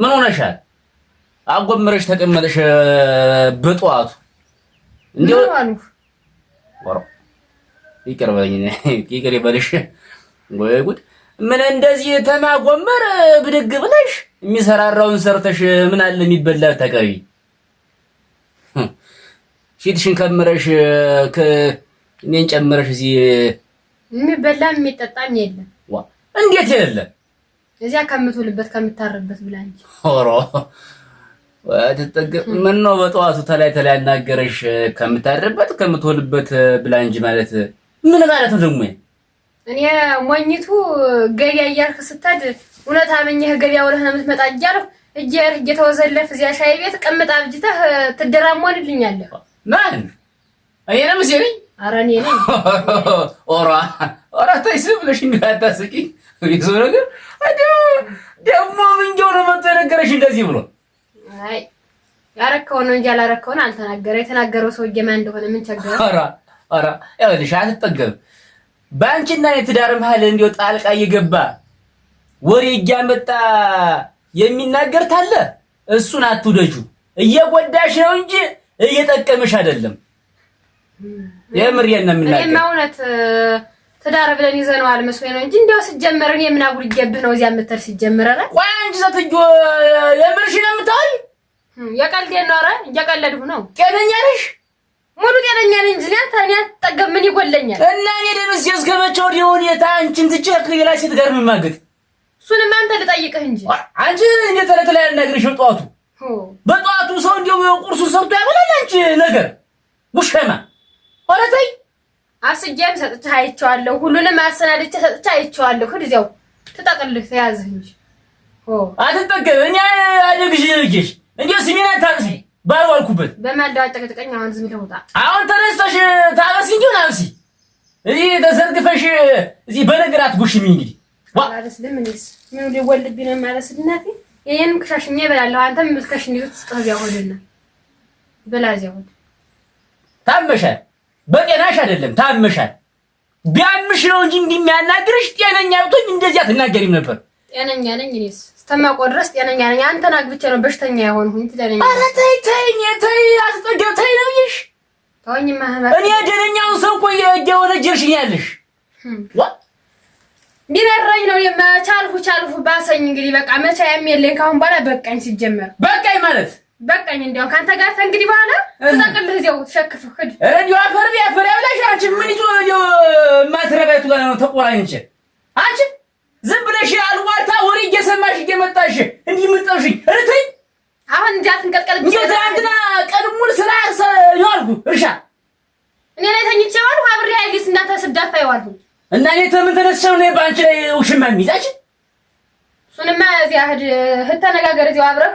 ምን ሆነሻል? አጎምረሽ ተቀመጠሽ በጠዋቱ እንዴ? ወሮ ይቅር በለኝ ይቅር ይበልሽ። ወይ ጉድ! ምን እንደዚህ ተማጎመር ብድግ ብለሽ የሚሰራራውን ሰርተሽ ምን አለ የሚበላ ተቀቢ ፊትሽን ከምረሽ እኔን ጨምረሽ እዚህ የሚበላም የሚጠጣም የለም። እንዴት የለም? እዚያ ከምትውልበት ከምታርበት ብላ እንጂ ሆሮ ምን ነው በጠዋቱ ተላይ ተላይ አናገረሽ ከምታርበት ከምትውልበት ብላ እንጂ ማለት ምን ማለት ነው ደግሞ? እኔ ሞኝቱ ገቢያ እያልክ ስትሄድ እውነት አመኘህ ገቢያ ውለህ ነው የምትመጣ እያልሁ እየሄድክ እየተወዘለፍ እዚያ ሻይ ቤት ቅምጥ አብጅተህ ትደራመንልኛለህ። ማን እኔ ነው ምስለኝ? ኧረ እኔ ነኝ። ኦራ ኦራ ብለሽ ስብለሽ እንዳታስቂ የሰው ነገር ደግሞ ምንጊያው ነው መጥቶ የነገረሽ እንደዚህ ብሎ ያረከውን ነው እንጂ ያላረከውን አልተናገረ። የተናገረው ሰውዬ ማን እንደሆነ ምን ቸገረ? ኧረ ኧረ ይኸውልሽ አትጠገብም። በአንቺና የትዳር መሀል እንዲያው ጣልቃ እየገባ ወሬ እያመጣ የሚናገር ታለ እሱን አትውደጁ። እየጎዳሽ ነው እንጂ እየጠቀመሽ አይደለም። የምሬን ነው የምናገር እውነት ትዳር ብለን ይዘነዋል መስሎኝ ነው እንጂ እንዲያው ሲጀመር እኔ ምን አጉልዬብህ ነው እዚያ የምትል ሲጀመር አለ። ቆይ አንቺ ሰትጆ የምርሽ ነው የምታወሪ? የቀልዴን ነው። ኧረ እየቀለድኩ ነው። ጤነኛ ነሽ? ሙሉ ጤነኛ ነኝ እንጂ እኔ ታኔ አትጠገብ ምን ይጎለኛል? እና እኔ ደንስ የዝገበቸው ሊሆን የታ አንቺን ትጨክ ሌላ ሴት ጋር ምን ማገጥ? እሱንም አንተ ልጠይቅህ እንጂ አንቺ እንደ ተለት ላይ ያናግርሽ ጠዋቱ በጠዋቱ ሰው እንዲሁ ቁርሱን ሰርቶ ያበላል። አንቺ ነገር ውሸማ ኧረ ተይ አስጀም ሰጥቼ አይቼዋለሁ። ሁሉንም አሰናድቼ ሰጥቼ አይቼዋለሁ። እዚያው ትጠቅልህ ተያዝህ እንጂ አትጠቀም። እኛ አደግሽ ልጅሽ እንጂ ስሜን አታጥፊ ባልዋልኩበት በማዳዋ ጨቅጨቀኝ። አሁን ዝም ብለህ ውጣ። አሁን ተነስተሽ ታበስ እንጂ ናብሲ እዚህ ተዘርግፈሽ እዚህ በነገር አትጎሽሚ። እንግዲህ ዋላስ ለምንስ ምን ሊወልድብኝ ነው ማለት ስለናፊ ይሄንም ክሻሽኛ ይበላለሁ። አንተም ምልከሽ እንዲሁ ትስጠህ ያሆንልና በላዚያው ታመሻል በጤናሽ አይደለም ታምሻል። ቢያምሽ ነው እንጂ እንዲህ የሚያናግርሽ ጤነኛ ብቶኝ እንደዚህ አትናገሪም ነበር። ጤነኛ ነኝ እኔስ እስከማውቀው ድረስ ጤነኛ ነኝ። አንተን አግብቼ ነው በሽተኛ የሆንሁኝ። ትለኛ ኧረ ተይ ተይኝ ተይ አትጠጊው ተይ ነው ብዬሽ ተወኝማ። እኔ ደነኛውን ሰው እኮ የሆነ ጀርሽኝ ያለሽ ቢመረኝ ነው የማቻልሁ ቻልሁ ባሰኝ። እንግዲህ በቃ መቻ የሚለኝ ካሁን በኋላ በቃኝ። ሲጀመር በቃኝ ማለት በቃኝ። እንዲያው ከአንተ ጋር ከእንግዲህ በኋላ ተጠቅልህ እዚያው ተሸክፈህ ሂድ። ኧረ እንዲያው አፈር ቢያፈር ያብላሽ። አንቺ ምን ይዞ እንዲያው የማትረቢያቱ ጋር ነው ተቆራኝቼ። አንቺ ዝም ብለሽ አልዋልታ ወሬ እየሰማሽ እየመጣሽ እንዲህ የምጠብሽኝ እርትኝ። አሁን እንዲህ አትንቀልቀል እንጂ ትናንትና ቀኑን ሙሉ ስራ የዋልኩ እርሻ እኔ ላይ ተኝቼ ዋልኩ። አብሬ አይግስ እናንተ ስዳፋ የዋልኩ እና እኔ ተምን ተነስቼው ነው በአንቺ ላይ ውሽማ የሚይዛችን። እሱንማ እዚያ ሂድ ተነጋገር እዚያው አብረህ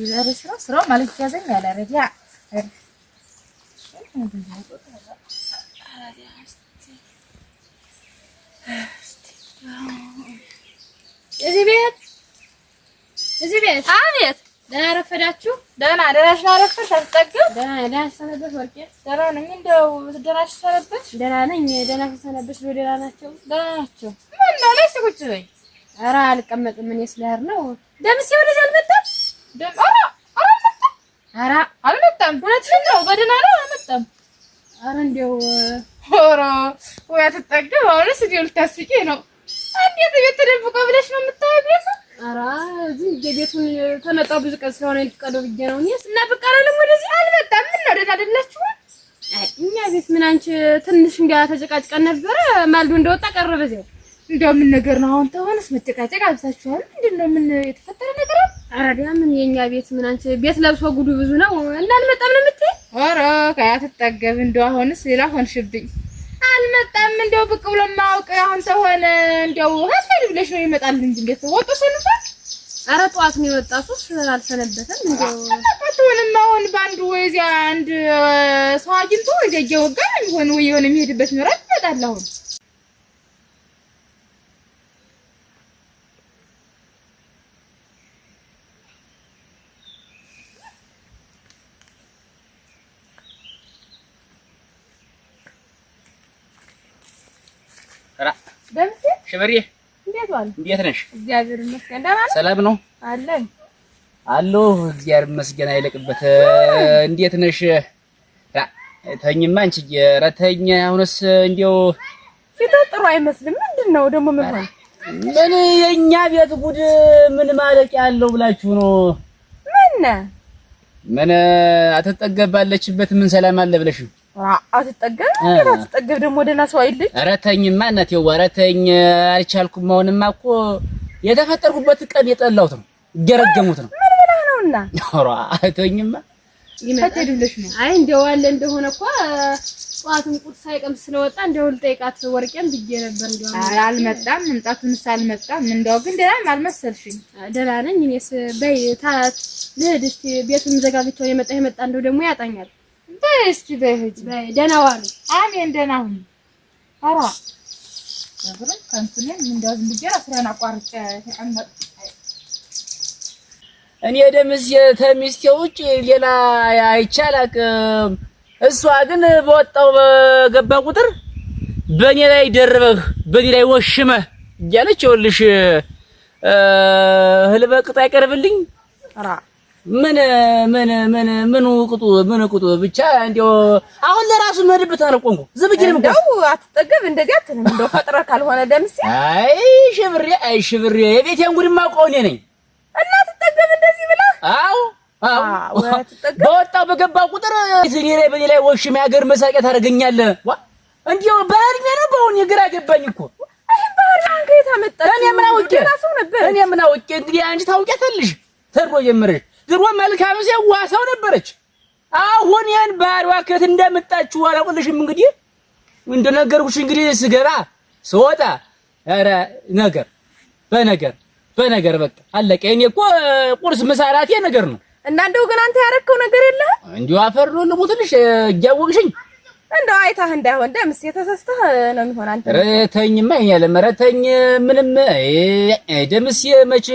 የዛሬ ስራ ስራው ማለት ያዘኝ ያለ ረዲያ እዚህ ቤት እዚህ ቤት አቤት፣ ደህና አረፈዳችሁ። ደህና ደህናሽ ነው አረፈድሽ? አትጠግም? ደህና ደህና ሰነበት ወርቄ። ደህና ነኝ። እንደው ደህናሽ ሰነበት? ደህና ነኝ። ደህና ሰነበት። ደህና ናቸው። ደህና ናቸው። ምነው ላይ እስኪ በይ። ኧረ አልቀመጥም እኔ ስለሄድን ነው። ደምሴ ወደዚህ አልመጣም አልመጣም። እውነትሽን ነው። አልመጣም። ኧረ እንደው ኧረ ነው። እንዴት ቤት ተደብቆ ብለሽ ነው የምታየው? ቤቱ ቤቱን ከመጣሁ ብዙ ቀን ስለሆነ ልትቀደው ነው እኔስ። እና አልመጣም። ነው ደህና እኛ ቤት ምን ትንሽ እንዲያ ተጨቃጭቀን ነበረ። ማልዶ እንደወጣ ቀረበ በዚያው። እንደው ምን ነገር ነው አሁን? ተሆነስ መጨቃጨቅ አብዛችኋል። ምንድን ነው ምን የተፈጠረ ነገር አለ? አረዳ ምን የኛ ቤት ምን አንቺ ቤት ለብሶ ጉዱ ብዙ ነው። እንዳልመጣም ነው የምትይ? ኧረ ከያ ትጠገብ እንደው አሁንስ ሌላ ሆንሽብኝ። አልመጣም እንደው ብቅ ብሎ ማውቅ አሁን ተሆነ እንደው አስፈልግ ብለሽ ነው ይመጣል እንጂ እንዴት ወጡ ሰንፈ አረ ጠዋት ነው የወጣ ሱስ አልሰነበተም። እንደው አትሆንም አሁን ባንዱ ወይ እዚያ አንድ ሰው አግኝቶ ወይ እዚያ እየወጋ ይሆን ወይ የሆነ የሚሄድበት ምራት ይመጣል አሁን እንዴት ዋል? እንዴት ነሽ? እግዚአብሔር ይመስገን። ደህና ነሽ? ሰላም ነው አለን አለሁ። እግዚአብሔር ይመስገን አይለቅበት። እንዴት ነሽ? ተኝማ አንቺ ተኝ። አሁንስ እንዲያው ፊት ጥሩ አይመስልም። ምንድን ነው ደግሞ? ምን ሆነ? ምን ቤት ጉድ ምን ማለቂያ አለው ብላችሁ ነው? ምን ምን አትጠገባለችበት ምን ሰላም አለ ብለሽ ነው አትጠገብ አትጠገብ ደግሞ ደህና ሰው አይደል? ኧረ ተኝማ እናቴ ኧረ ተኝ አልቻልኩም። አሁንማ እኮ የተፈጠርኩበት ቀን የጠላሁት ነው እየረገሙት ነው። ምን ብለህ ነውና? ኧረ ተኝማ ይመጣል ነው? አይ እንደው አለ እንደሆነ እኮ ጠዋቱን ቁርስ ሳይቀምስ ስለወጣ እንደው ልጠይቃት ወርቄም ብዬ ነበር። እንደው አልመጣም፣ መምጣቱንስ አልመጣም። እንደው ግን ደህና አልመሰልሽኝ። ደህና ነኝ እኔስ። በይ ታት ልሂድ እስኪ ቤቱን ዘጋግቼው የመጣ የመጣ እንደው ደግሞ ያጣኛል በይ እስኪ በይ ሂጂ። ደህና ዋሉ። አሜን ደህና ሁኑ። ኧረ እኔ ደምስ ተሚስቴ ውጭ ሌላ አይቼ አላውቅም። እሷ ግን በወጣው በገባ ቁጥር በእኔ ላይ ደርበህ በእኔ ላይ ወሽመህ እያለች ይኸውልሽ ህልበቅጥ አይቀርብልኝ ምን ምን ምን ምን ቁጡ ምን ቁጡ ብቻ እንደው አሁን ለራሱ መድብት አልቆምኩ ዝብጅንም እንደው አትጠገብ እንደዚህ አትንም እንደው ፈጥረህ ካልሆነ ደምሴ አይ ሽብሬ አይ ሽብሬ የቤቴን ጉድማ እኮ እኔ ነኝ እና አትጠገብ እንደዚህ ብላ አው አው በወጣው በገባ ቁጥር እኔ ላይ በኔ ላይ ወሽም ያገር መሳቂያ ታደርገኛለህ እንደው በህልሜ ነው በሁን የግራ ገባኝ እኮ እኔ ምን አውቄ እኔ ምን አውቄ እንግዲህ አንቺ ታውቂያታለሽ ተድሮ ጀምረሽ ድሮ መልካም ሴዋ ሰው ነበረች። አሁን ያን ባህሪዋ ከት እንደምጣችሁ አላውቅልሽም። እንግዲህ እንደነገርኩሽ እንግዲህ ስገባ ስወጣ ኧረ ነገር በነገር በነገር በቃ አለቀ። እኔ እኮ ቁርስ ምሳ እራቴ ነገር ነው። እና እንደው ግን አንተ ያረከው ነገር የለ እንዲሁ አፈር ነው ልሙትልሽ። እያወቅሽኝ እንደው አይታህ እንዳይሆን ደምስ የተሰስተህ ነው የሚሆን። አንተ ረተኝማ ይሄን ለመረተኝ ምንም ደምስ መች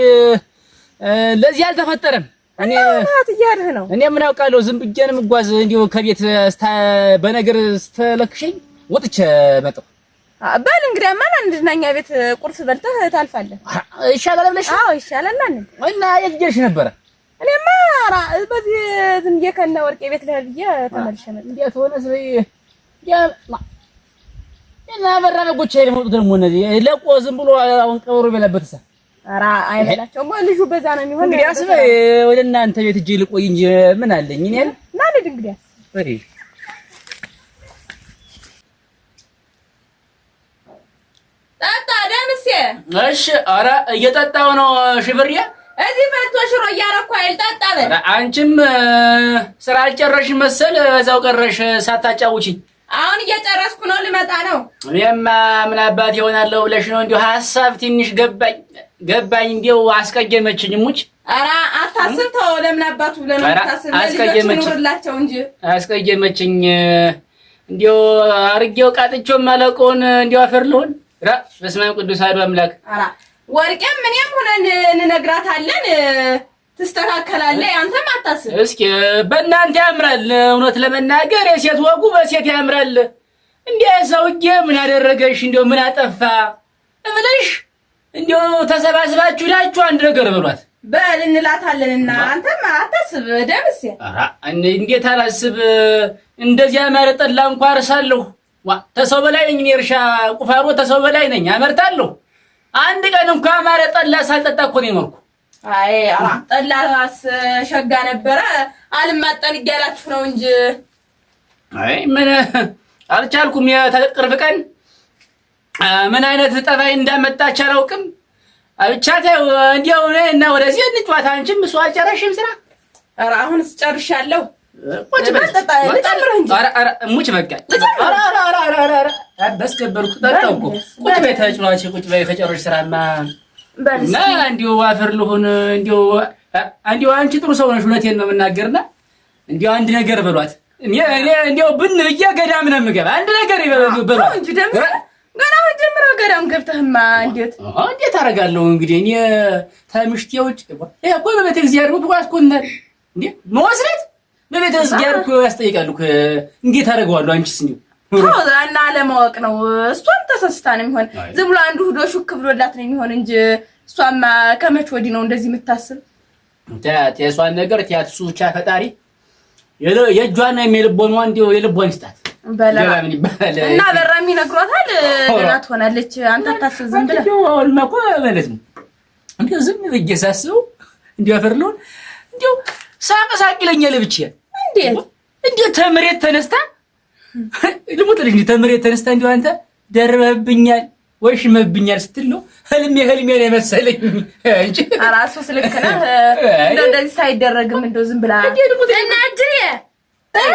ለዚህ አልተፈጠረም። እኔ እያልህ ነው። እኔ ምን አውቃለሁ? ዝም ብዬሽ ነው የምጓዝ። እንዲሁ ከቤት በነገር ስተለክሸኝ ወጥቼ መጣሁ። በል እንግዲያማ ና እንድና ቤት ቁርስ በልተህ ታልፋለህ። ይሻላል ብለሽ? አዎ ይሻላል። እና የት ሄድሽ ነበረ? እኔማ ኧረ በዚህ ዝም ብዬሽ ከእነ ወርቄ ቤት ልሄድ ብዬሽ ተመልሼ መጣሁ። እንዴት ሆነ? እና በራ በጎች ደግሞ እነዚህ ለቆ ዝም ብሎ አሁን ቀብሮ የበላበት ኧረ አይበላቸውማ ልጁ በዛ ነው የሚሆነው። እንግዲያስ ወደ እናንተ ቤት እጄ ልቆይ እንጂ ምን አለኝ እኔ እና ልሂድ እንግዲያስ እሺ አረ እየጠጣሁ ነው ሽብርዬ። እዚህ ፈቶ ሽሮ እያደረኩ አይደል? ጠጣ በል። አንቺም ስራ አልጨረሽ መሰል በዛው ቀረሽ ሳታጫውቺኝ። አሁን እየጨረስኩ ነው፣ ልመጣ ነው። እኔማ ምን አባት ይሆናለሁ ብለሽ ነው እንዲሁ ሀሳብ ትንሽ ገባኝ። ገባኝ። እንዲው አስቀየመችኝ። ሙጭ ኧረ አታስብ፣ ተው። ለምን አባቱ ብለህ ነው አታስብ። ኑርላቸው እንጂ አስቀየመችኝ። እንዲው አርጌው ቃጥቼው ማለቆን እንዲው አፈር ልሆን። ራ በስመ አብ ቅዱስ አሐዱ አምላክ። ኧረ ወርቄም እኔም ሆነን እንነግራታለን፣ ትስተካከላለ አንተም አታስብ። እስኪ በእናንተ ያምራል። እውነት ለመናገር የሴት ወጉ በሴት ያምራል። እንዲያ ሰውዬ ምን አደረገሽ? እንዲው ምን አጠፋ እብለሽ እንዲሁ ተሰባስባችሁ ላችሁ አንድ ነገር በሏት። በል እንላታለንና አንተም አታስብ። ደምስ እንዴት አላስብ? እንደዚህ ያማረ ጠላ እንኳ አርሳለሁ። ተሰው በላይ ነኝ። እርሻ ቁፋሮ ተሰው በላይ ነኝ፣ አመርታለሁ። አንድ ቀን እንኳ ያማረ ጠላ ሳልጠጣ እኮ ነው የኖርኩ። አይ ጠላስ ሸጋ ነበረ። አልማጠን እያላችሁ ነው እንጂ አይ ምን አልቻልኩም። የቅርብ ቀን ምን አይነት ጠባይ እንዳመጣች አላውቅም። ብቻ እንዲያው እና ወደዚህ እንጫዋታ። አንቺም እሱ አልጨረሽም ስራ። ኧረ አሁን ስጨርሻለሁ። ሙች በቃኝ። አስገበርኩ። ቁጭ በይ ተጭሏች፣ ስራማ እና እንዲሁ አፈር ልሁን እንዲሁ አንቺ ጥሩ ሰው ነሽ፣ እውነቴን ነው የምናገርና እንዲሁ አንድ ነገር ብሏት እንዲሁ ብን ብዬ ገዳም ነው የምገባ። አንድ ነገር ይበሏት ገና አሁን ጀምረህ ገዳም ገብተህማ እንዴት እንዴት አደርጋለሁ እንግዲህ እኔ ተምሽቴ ውጭ እኮ በቤተ እግዚአብሔር እኮ ያስኮናል እንዴ መወስነት በቤተ እግዚአብሔር እኮ ያስጠይቃሉ። እንዴት አደርገዋለሁ አንቺስ እንዴ እና ለማወቅ ነው እሷም ተሰስታ ነው የሚሆን ዝም ብሎ አንዱ ሁዶ ሹክ ብሎላት ነው የሚሆን እንጂ እሷማ ከመች ወዲህ ነው እንደዚህ የምታስብ የእሷን ነገር ትያት እሱ ብቻ ፈጣሪ የእጇና የሚልቦን ዋን የልቦን ይስጣት እና በራሚ ነግሯታል። ገና ትሆናለች። አንተ አታስብ፣ ዝም ብለህ ማለት ነው። እንዲያው ዝም ብዬ ሳስበው እንዲያው አፈር ልሆን እንዲያው ይለኛል ብቻዬን። እንዴት እንዴት ተነስታ ልሙት ልጅ ተነስታ እንዲያው አንተ ደርበህብኛል ስትል ነው ህልሜ ህልሜ ነው የመሰለኝ እንጂ አራሱ ስልክ ነህ እንደዚህ ሳይደረግም እንደው ዝም ብላ እንዴ እና